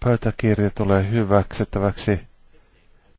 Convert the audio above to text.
pöytäkirja tulee hyväksyttäväksi